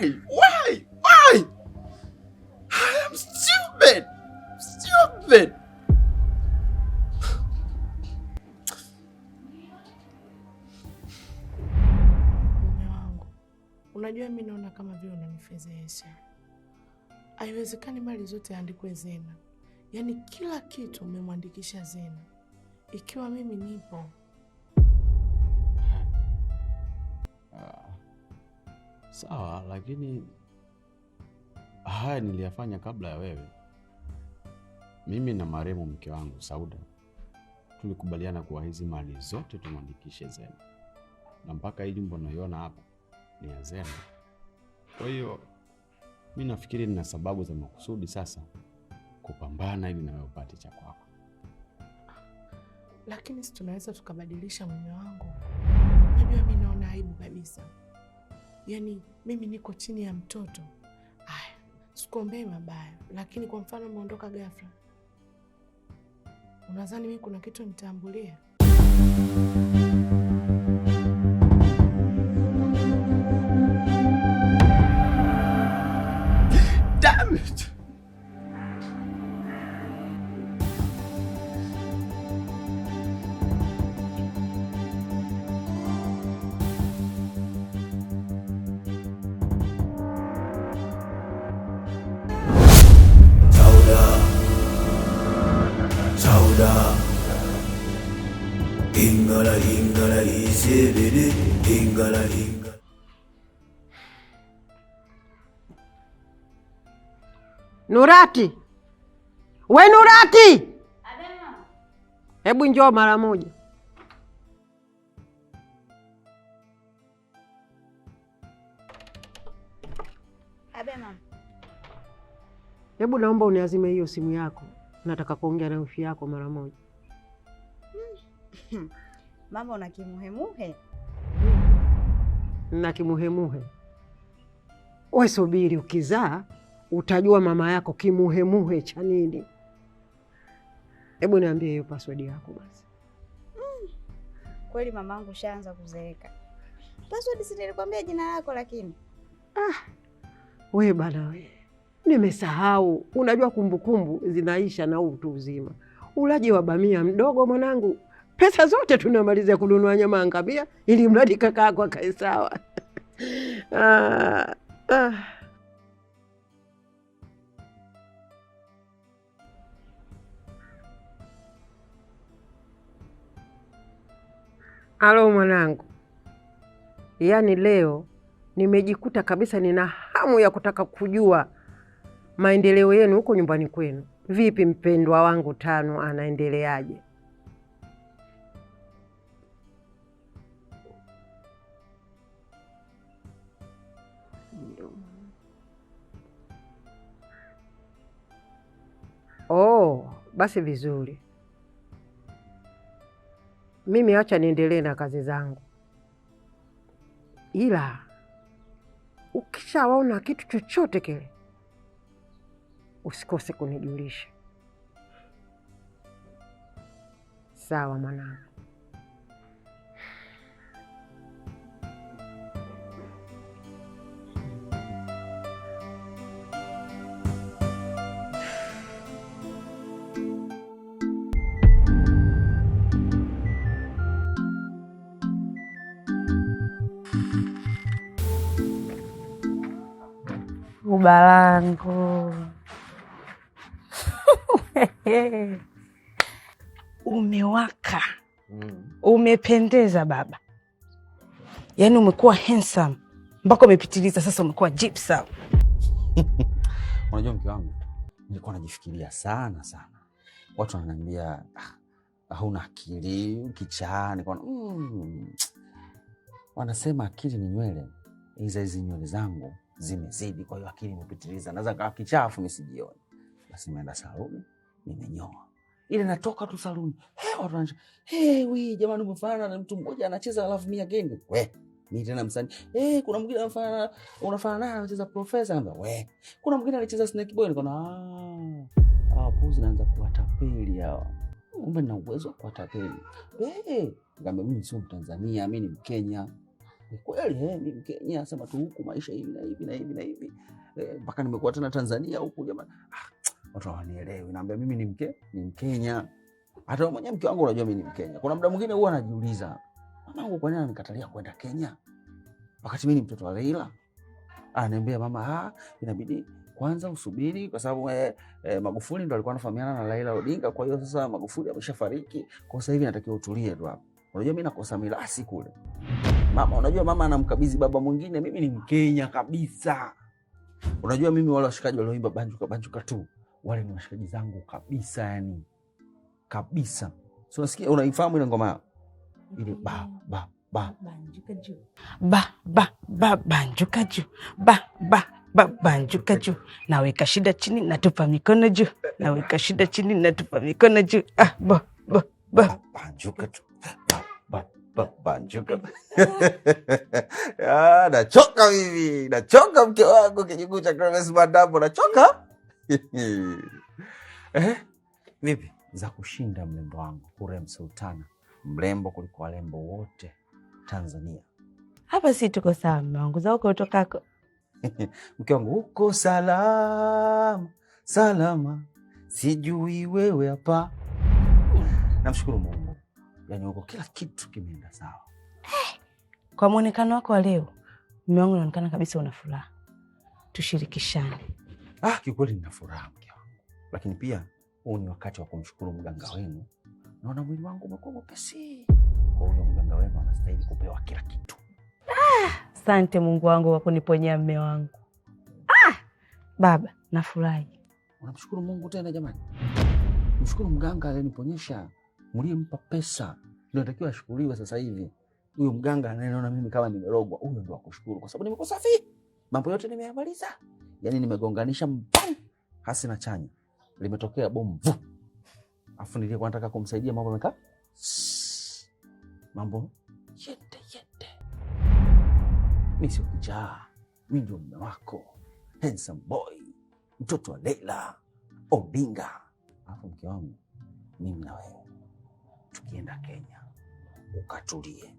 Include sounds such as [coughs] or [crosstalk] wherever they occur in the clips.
Why? Why? Why? I am stupid. Stupid. Mume wangu, unajua mimi naona kama vile unanifezesha. Haiwezekani mali zote andikwe Zena, yaani kila kitu umemwandikisha Zena ikiwa mimi nipo Sawa, lakini haya niliyafanya kabla ya wewe. Mimi na marehemu mke wangu Sauda tulikubaliana kuwa hizi mali zote tumwandikishe Zena, na mpaka hii jumba unaiona hapa ni ya Zena. Kwa hiyo mi nafikiri nina sababu za makusudi sasa kupambana ili nawe upate cha kwako. Lakini si tunaweza tukabadilisha mume wangu? Najua mi naona aibu kabisa yani mimi niko chini ya mtoto. Aya, sikuombei mabaya, lakini kwa mfano umeondoka ghafla, unadhani mimi kuna kitu nitambulia? Damn it! da ingala hingala isebele hingala hingala Nurati, we Nurati, hebu njoo mara moja. Hebu naomba uniazime hiyo simu yako nataka kuongea na wifi yako mara moja. Hmm. [laughs] Mama, una kimuhemuhe na kimuhemuhe. We subiri, ukizaa utajua mama yako kimuhemuhe cha nini. Hebu niambie hiyo password yako basi. Mm. Kweli mamangu shaanza kuzeeka. Password si nilikwambia jina lako lakini. Ah. We bana wewe nimesahau. Unajua kumbukumbu kumbu zinaisha na utu uzima. Ulaji wa bamia mdogo, mwanangu, pesa zote tunamaliza kununua nyama ya ngamia, ili mradi yako akae sawa. [laughs] ah, ah. Alo mwanangu, yaani leo nimejikuta kabisa nina hamu ya kutaka kujua maendeleo yenu huko nyumbani kwenu. Vipi mpendwa wangu Tano anaendeleaje? Oh, basi vizuri. Mimi acha niendelee na kazi zangu, ila ukishawaona kitu chochote kile usikose kunijulisha. Sawa mwanangu. guba [laughs] Umewaka mm. Umependeza baba, yaani umekuwa handsome mpaka umepitiliza, sasa umekuwa gypsum. [laughs] Unajua mke wangu, nilikuwa najifikiria sana sana, watu wananiambia ah, hauna akili akili, ukichaa mm. wanasema akili ni nywele, hizo, hizi nywele zangu zimezidi, kwa hiyo akili imepitiliza, naweza kawa kichafu nisijione. Basi nimeenda saluni nimenyoa ile natoka tu saluni, hey, hey, jamani, umefanana na mtu mmoja anacheza alafu mia genge we mimi tena msanii eh, kuna mwingine anafanana unafanana anacheza profesa namba we, kuna mwingine anacheza snake boy. nikona ah, puzi naanza kuwatapeli hawa, kumbe na uwezo wa kuwatapeli eh. Ngamba mimi sio Mtanzania, mi ni Mkenya kweli eh, ni Mkenya, sema tu huku maisha hivi na hivi na hivi na hivi mpaka eh, nimekuwa tena Tanzania huku jamani ah watu hawanielewi. Naambia mimi ni mke, ni Mkenya. Hata mwenyewe mke wangu unajua mimi ni Mkenya. Kuna muda mwingine huwa anajiuliza, mamangu kwa nini ananikatalia kwenda Kenya wakati mimi ni mtoto wa Leila? Ananiambia mama, ha, ah, inabidi kwanza usubiri kwa sababu eh, eh, Magufuli ndo alikuwa anafahamiana na Raila Odinga. Kwa hiyo sasa Magufuli ameshafariki, kwa sasa hivi natakiwa utulie tu hapo. Unajua mimi nakosa milasi kule, mama. Unajua mama anamkabidhi baba mwingine, mimi ni Mkenya kabisa. Unajua mimi wale washikaji walioimba banjuka banjuka tu wale ni washikaji zangu kabisa, yani kabisa. So unasikia, unaifahamu ile ngoma yao ile ba ba ba banjuka juu ba ba ba banjuka juu ba ba ba banjuka juu, naweka shida chini, natupa mikono juu, naweka shida chini, natupa mikono juu, ah ba ba ba banjuka juu ba ba ba banjuka. [laughs] Ah, nachoka mimi, nachoka mke wangu kijikuta Christmas madam, nachoka [laughs] Eh, vipi za kushinda mlembo wangu Hurem Sultana, mrembo kuliko warembo wote Tanzania. Hapa si tuko sawa, mume wangu, za huko utokako. [laughs] Mke wangu huko salama salama, sijui wewe hapa. Namshukuru Mungu, yaani huko kila kitu kimeenda sawa. Eh, kwa mwonekano wako wa leo mume wangu, unaonekana kabisa una furaha. Tushirikishane Ah, kiukweli nina furaha mke wangu, lakini pia huu ni wakati wa kumshukuru mganga wenu. Naona mwili wangu umekuwa mwepesi, kwa huyo mganga wenu anastahili kupewa kila kitu. Ah, asante ah, Mungu wangu kwa kuniponyea mme wangu. Ah, baba nafurahi. Unamshukuru Mungu tena jamani, mshukuru mganga mlie mliyempa pesa ndio natakiwa ashukuriwe sasa hivi. Huyo mganga anayeniona mimi kama nimerogwa, huyo ndio akushukuru, kwa sababu nimekusafiri, mambo yote nimeyamaliza yani nimegonganisha hasi na chanya, limetokea bomu, afu nilikuwa nataka kumsaidia mambo yamekaa mambo yende yende. Mi sio kijaa, mi ndio mume wako handsome boy, mtoto wa Leila Odinga, afu mke wangu mimi na wewe tukienda Kenya ukatulie,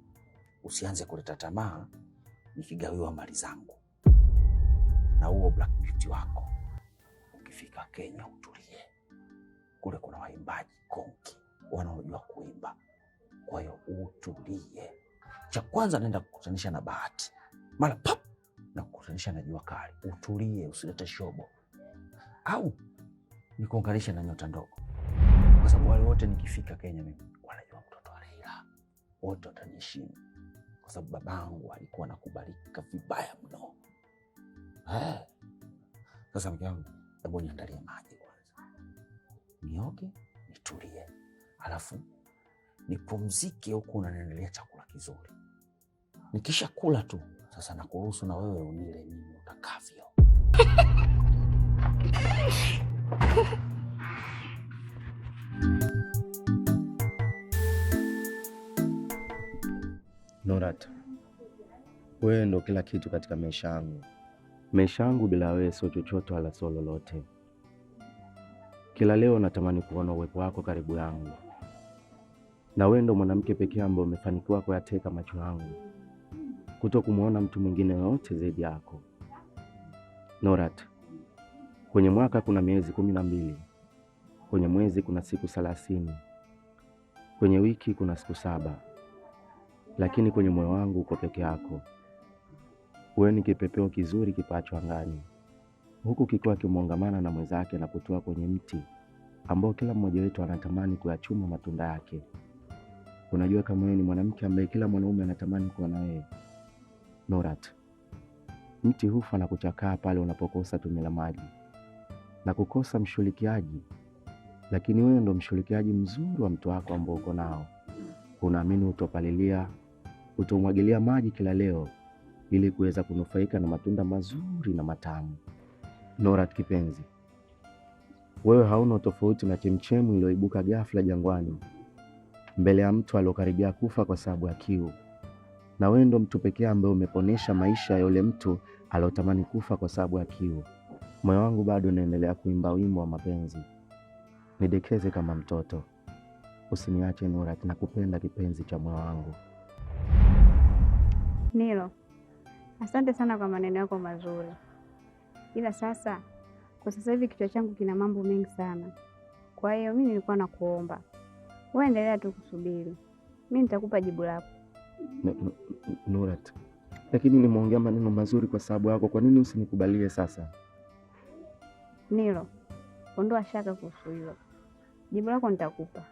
usianze kuleta tamaa nikigawiwa mali zangu na huo black beauty wako. Ukifika Kenya utulie, kule kuna waimbaji konki wanaojua kuimba, kwa hiyo utulie. Cha kwanza naenda kukutanisha na bahati, mara pap na kukutanisha na jua kali. Utulie, usilete shobo au nikuunganishe na nyota ndogo, kwa sababu wale wote nikifika Kenya mimi wanajua mtoto wa Leila, wote wataniheshimu kwa sababu babangu alikuwa anakubalika vibaya mno. Sasa mke wangu, hebu niandalie maji kwanza. Nioge, nitulie. Alafu nipumzike huku unaniandalia chakula kizuri. Nikisha kula tu, sasa nakuruhusu na wewe unile mimi utakavyo. Norat, wewe ndo kila kitu katika maisha yangu. Maisha yangu bila wewe sio chochote wala sio lolote. Kila leo natamani kuona uwepo wako karibu yangu, na wewe ndo mwanamke pekee ambaye umefanikiwa kuyateka macho yangu kuto kumwona mtu mwingine yoyote zaidi yako. Norat, kwenye mwaka kuna miezi kumi na mbili, kwenye mwezi kuna siku thelathini, kwenye wiki kuna siku saba, lakini kwenye moyo wangu uko peke yako. Wewe ni kipepeo kizuri kipacho angani, huku kikiwa kimwongamana na mwenzake na kutua kwenye mti ambao kila mmoja wetu anatamani kuyachuma matunda yake. Unajua kama wewe ni mwanamke ambaye kila mwanaume anatamani kuwa na wewe, Norat. Mti hufa na kuchakaa pale unapokosa tumi la maji na kukosa mshulikiaji lakini wewe ndo mshulikiaji mzuri wa mtu wako ambao uko nao, unaamini utopalilia, utomwagilia maji kila leo ili kuweza kunufaika na matunda mazuri na matamu. Nora kipenzi, wewe hauna tofauti na chemchemu iliyoibuka ghafla jangwani mbele ya mtu aliokaribia kufa kwa sababu ya kiu, na wewe ndo mtu pekee ambaye umeponesha maisha ya yule mtu aliotamani kufa kwa sababu ya kiu. Moyo wangu bado unaendelea kuimba wimbo wa mapenzi, nidekeze kama mtoto, usiniache Norat, nakupenda kipenzi cha moyo wangu. Nilo Asante sana kwa maneno yako mazuri, ila sasa kwa sasa hivi kichwa changu kina mambo mengi sana. Kwa hiyo mimi nilikuwa nakuomba wewe endelea tu kusubiri, mimi nitakupa jibu lako. Nurat, lakini nimeongea maneno mazuri kwa sababu yako, kwa nini usinikubalie sasa? Nilo, ondoa shaka kuhusu hilo, jibu lako nitakupa.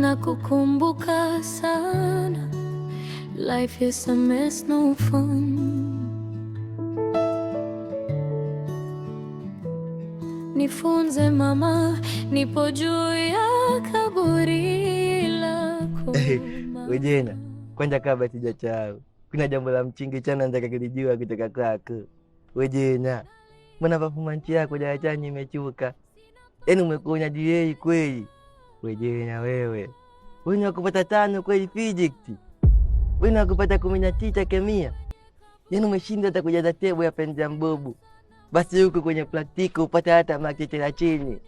na kukumbuka sana. Life is a mess, no fun. Nifunze mama, nipo juu ya kaburi lako. Ujena kwanja kabla chao, kuna jambo la mchingi chana nataka kulijua kutoka kwako. Wejena, mbona performance yako jawachanya imechuka, yaani umekuonyajiei kweli wejewe na wewe wene wakupata tano kweli pijikti wene wakupata kumi na tisa kemia, yaani umeshinda hata kujaza tebu ya penzi ya mbobu. Basi huku kwenye praktiki upata hata makete la chini,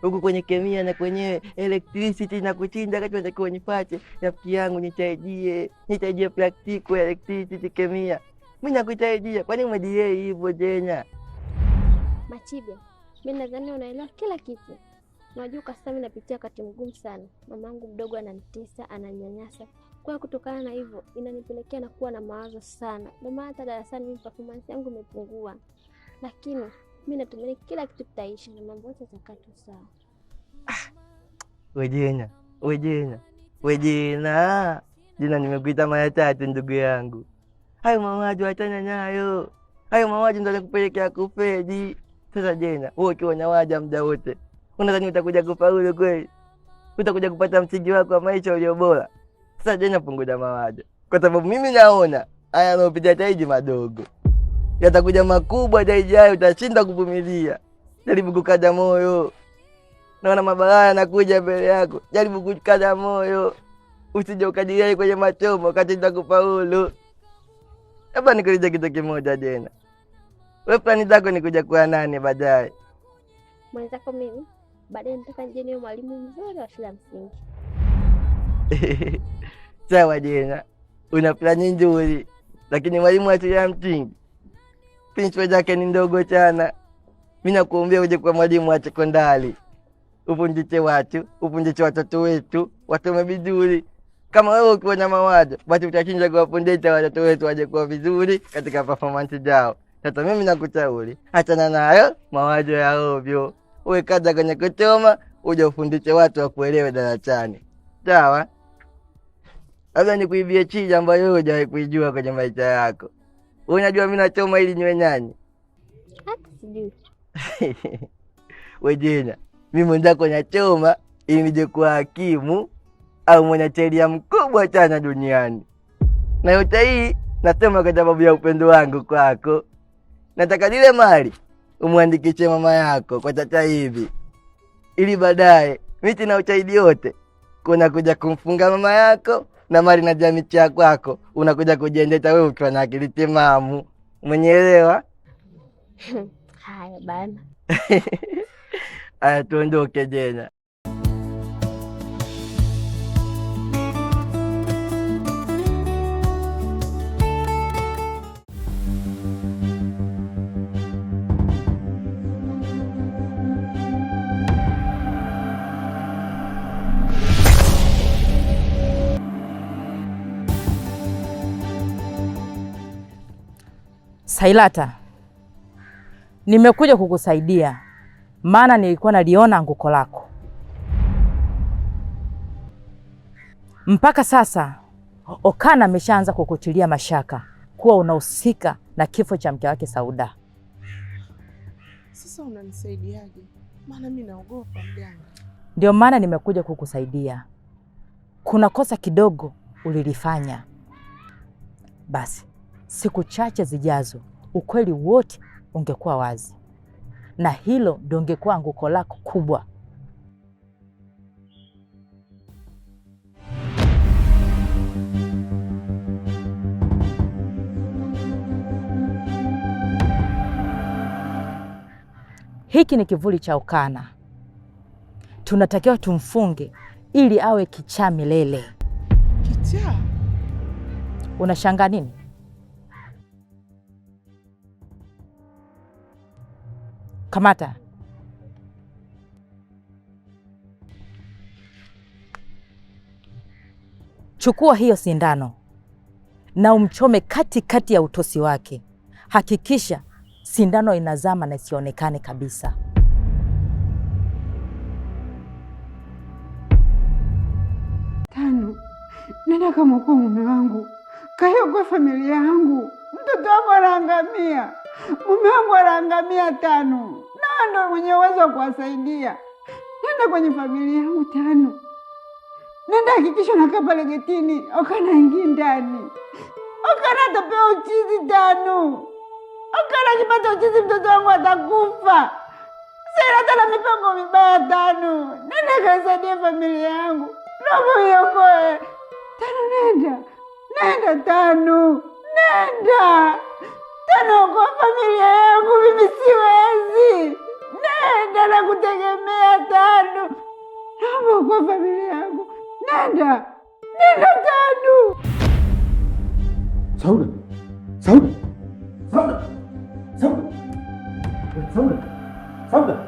huku kwenye kemia na kwenye electricity na kuchinda kati natakiwa nipate. Rafiki yangu nitaijie, nitaijie praktiki ya electricity kemia, mi nakuitaijia. Kwani umediei hivyo jenya Machibe? Mi nadhani unaelewa kila kitu. Unajua sasa mimi napitia wakati mgumu sana. Mamangu mdogo ananitesa, ananyanyasa. Kwa hiyo kutokana na hivyo inanipelekea na kuwa na mawazo sana. Ndio maana hata darasani mimi performance yangu imepungua. Lakini mimi natumaini kila kitu kitaisha na mambo yote yatakaa tu sawa. Ah. Wejenya, wejenya. Wejena. Ah, jina nimekuita mara tatu ndugu yangu. Hayo mauaji wachana nayo. Hayo mauaji ndio yanakupelekea kufeji. Sasa Jena, wewe ukiwa nyawaja muda wote unadhani utakuja kufaulu kweli? Utakuja kupata msingi wako wa maisha ulio bora? Sasa je, napunguza mawazo, kwa sababu mimi naona haya anaopitia Taiji madogo yatakuja makubwa. Taiji hayo utashinda kuvumilia. Jaribu kukaza moyo, naona mabalaa yanakuja mbele yako. Jaribu kukaza moyo, usije ukajirai kwenye machomo ukashinda kufaulu. Hapa nikuliza kitu kimoja jena, we plani zako ni kuja kuwa nani baadaye? Mwenzako mimi baadaye nataka nije niwe mwalimu mzuri wa shule ya msingi. [laughs] Sawa Jena, una plani nzuri, lakini mwalimu wa shule ya msingi pinchwa yake ni ndogo sana. Mimi nakuombea uje kwa mwalimu wa sekondari, ufundishe watu, ufundishe watoto wetu wasome vizuri kama wewe ukiwa na mawazo basi utashinda kuwafundisha watoto wetu waje kuwa vizuri katika performance zao. Sasa mimi nakushauri achana nayo mawazo ya ovyo uwe kaza kwenye kuchoma, uja ufundishe watu wakuelewe darasani, sawa? Labda nikuibie chija ambayo wewe hujawahi kuijua kwenye maisha yako. Unajua mimi nachoma ili niwe nyanya? [laughs] We jina mimi mwenzako nachoma ili nije kuwa hakimu au mwanasheria mkubwa sana duniani. Na yote hii nasema kwa sababu ya upendo wangu kwako. Nataka nile mali umwandikishe mama yako kwa Chacha hivi, ili baadaye miti na uchaidi yote kunakuja kumfunga mama yako na mali na jamii cha kwako, unakuja kujiendeta wewe ukiwa na akili timamu. mwenyeelewa [laughs] Haya bana. [laughs] Aya, tuondoke Jenya. Sailata, nimekuja kukusaidia maana nilikuwa naliona anguko lako. Mpaka sasa Okana ameshaanza kukutilia mashaka kuwa unahusika na kifo cha mke wake Sauda. Sasa unanisaidiaje? Maana mimi naogopa mganga. Ndio maana nimekuja kukusaidia. Kuna kosa kidogo ulilifanya, basi siku chache zijazo ukweli wote ungekuwa wazi, na hilo ndio ungekuwa anguko lako kubwa. Hiki ni kivuli cha ukana, tunatakiwa tumfunge ili awe kichaa milele. Kichaa? Unashangaa nini? Kamata. Chukua hiyo sindano na umchome katikati kati ya utosi wake. Hakikisha sindano inazama na isionekane kabisa. Tano, nenda kama kwa mume wangu, kayogoa familia yangu, mtoto wangu anaangamia. Mume wangu anaangamia tano, na ndo mwenye uwezo wa kuwasaidia. Nenda kwenye familia yangu tano, nenda hakikisha nakaa pale getini, Okana ingi ndani. Okana atapewa uchizi tano. Okana akipata uchizi, mtoto wangu atakufa. Sera na mipango mibaya tano, nenda kasaidia familia yangu, naomba iokoe tano. Nenda nenda tano, nenda tena familia yangu mimi siwezi, nenda na kutegemea Tanu, naomba familia yangu, nenda nenda Tanu. Sauda, Sauda, Sauda, Sauda, Sauda, Sauda.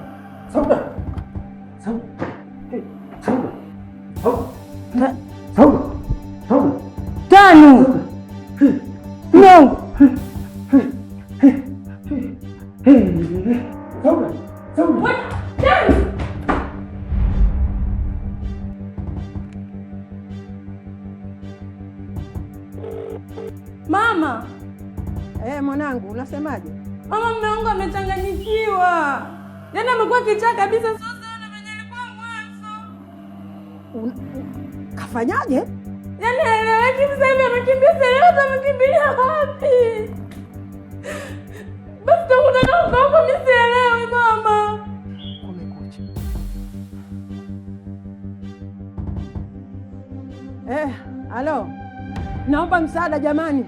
Eh, alo, naomba msaada jamani.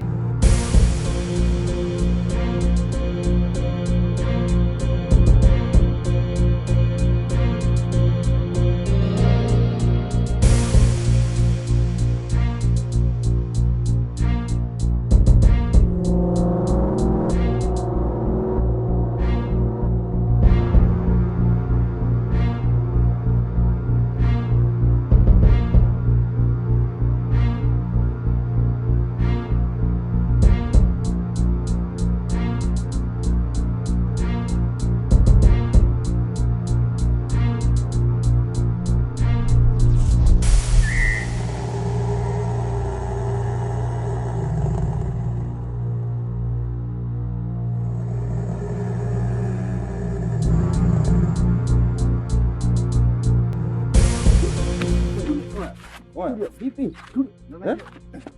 vipi?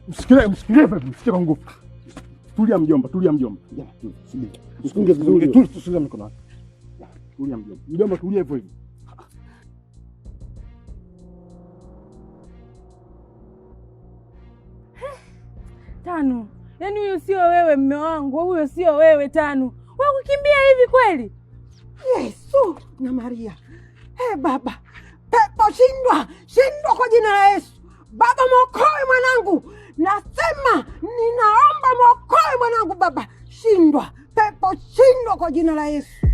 Msikilie, msikilie Msikie kwa nguvu. Tulia mjomba, tulia mjomba. Tulia mjomba. Mjomba tulia hivyo hivyo. [sighs] Tano. Yaani huyo sio wewe mme wangu, huyo sio wewe Tano. Wakukimbia hivi kweli? Yesu na Maria. Eh, hey, baba. Pepo shindwa, shindwa kwa jina la Yesu. Baba mwokoe mwanangu, nasema ninaomba mwokoe mwanangu baba. Shindwa pepo, shindwa kwa jina la Yesu.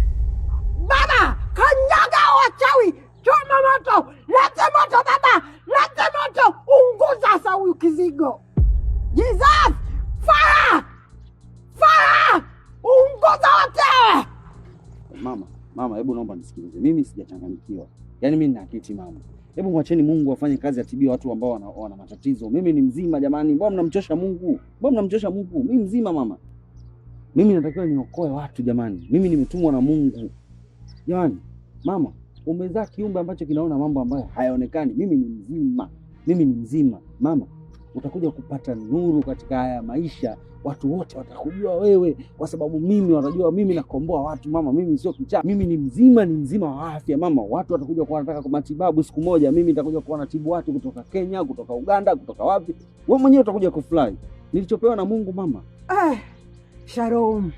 Baba kanyaga wachawi, choma moto, lete moto baba, lete moto, unguza sa huyu kizigo. Jesus, fire fire, unguza wote. Mama, mama, hebu naomba nisikilize, mimi sijachanganyikiwa, yaani mimi nina akili timamu Hebu mwacheni Mungu afanye kazi, atibie watu ambao wana, wana matatizo. Mimi ni mzima jamani, mbona mnamchosha Mungu? Mbona mnamchosha Mungu? Mimi mzima mama, mimi natakiwa niokoe watu jamani, mimi nimetumwa na Mungu jamani. Mama umezaa kiumbe ambacho kinaona mambo ambayo hayaonekani. Mimi ni mzima, mimi ni mzima mama utakuja kupata nuru katika haya maisha. Watu wote watakujua wewe, kwa sababu mimi watajua mimi nakomboa watu mama, mimi sio kichaa, mimi ni mzima, ni mzima wa afya mama. Watu watakuja kuwa wanataka matibabu siku moja, mimi nitakuja kuwa natibu watu kutoka Kenya, kutoka Uganda, kutoka wapi. Wewe mwenyewe utakuja kufurahi nilichopewa na Mungu mama. Eh, Sharom,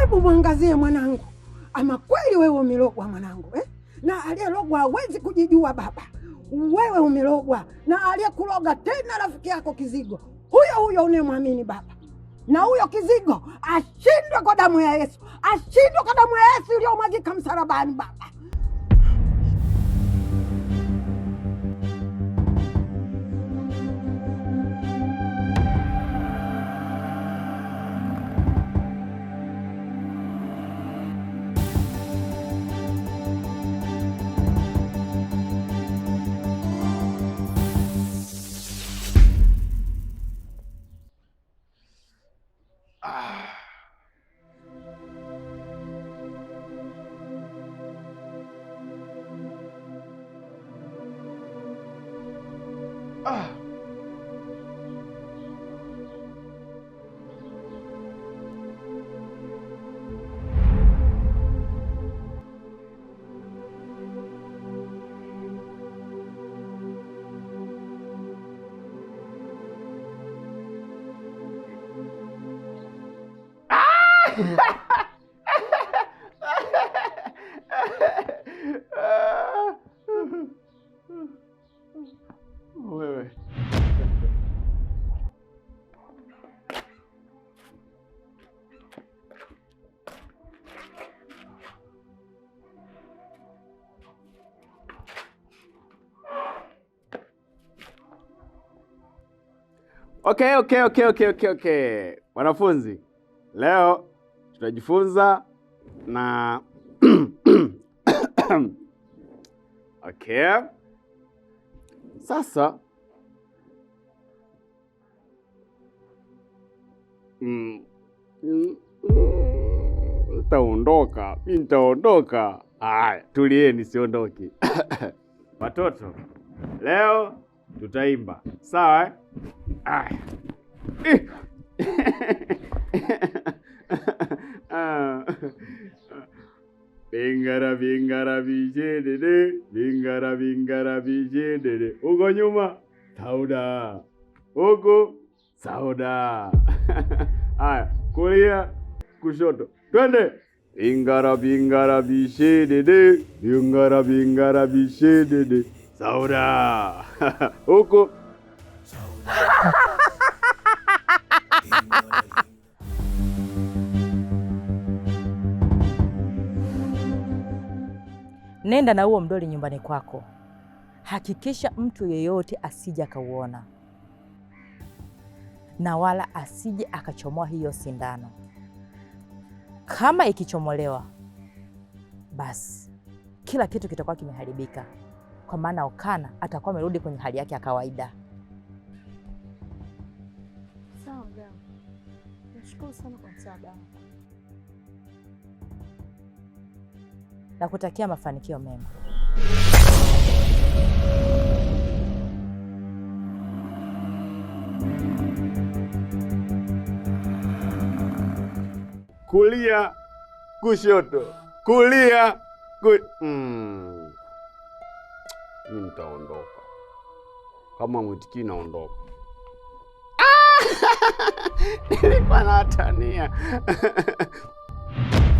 hebu mwangazie mwanangu, ama kweli wewe umelogwa mwanangu eh? na aliyelogwa hawezi kujijua baba wewe umerogwa na aliyekuroga tena rafiki yako Kizigo, huyo huyo unayemwamini Baba. Na huyo Kizigo ashindwe kwa damu ya Yesu, ashindwe kwa damu ya Yesu iliyomwagika msalabani Baba. Ok, ok, ok, ok, ok, ok. Wanafunzi, leo tutajifunza na [coughs] okay. Sasa mm, mm, nitaondoka Haya, tulieni, siondoki [coughs] watoto. Leo tutaimba sawa? eh? [coughs] Bingara ah. [laughs] bingara vijedede, bingara bingara vijedede. Huko nyuma Sauda, huko Sauda. Haya, [laughs] kulia kushoto, twende. Bingara bingara vijedede, bingara bingara vijedede. Sauda huko [laughs] Sauda. Nenda na huo mdoli nyumbani kwako, hakikisha mtu yeyote asije akauona na wala asije akachomoa hiyo sindano. Kama ikichomolewa, basi kila kitu kitakuwa kimeharibika, kwa maana Okana atakuwa amerudi kwenye hali yake ya kawaida. Sawa, nashukuru sana kwa msaada wako. na kutakia mafanikio mema. Kulia kushoto, kulia ku... mm. nitaondoka kama mwitikii, naondoka. Ah! [laughs] Nilikuwa na [laughs]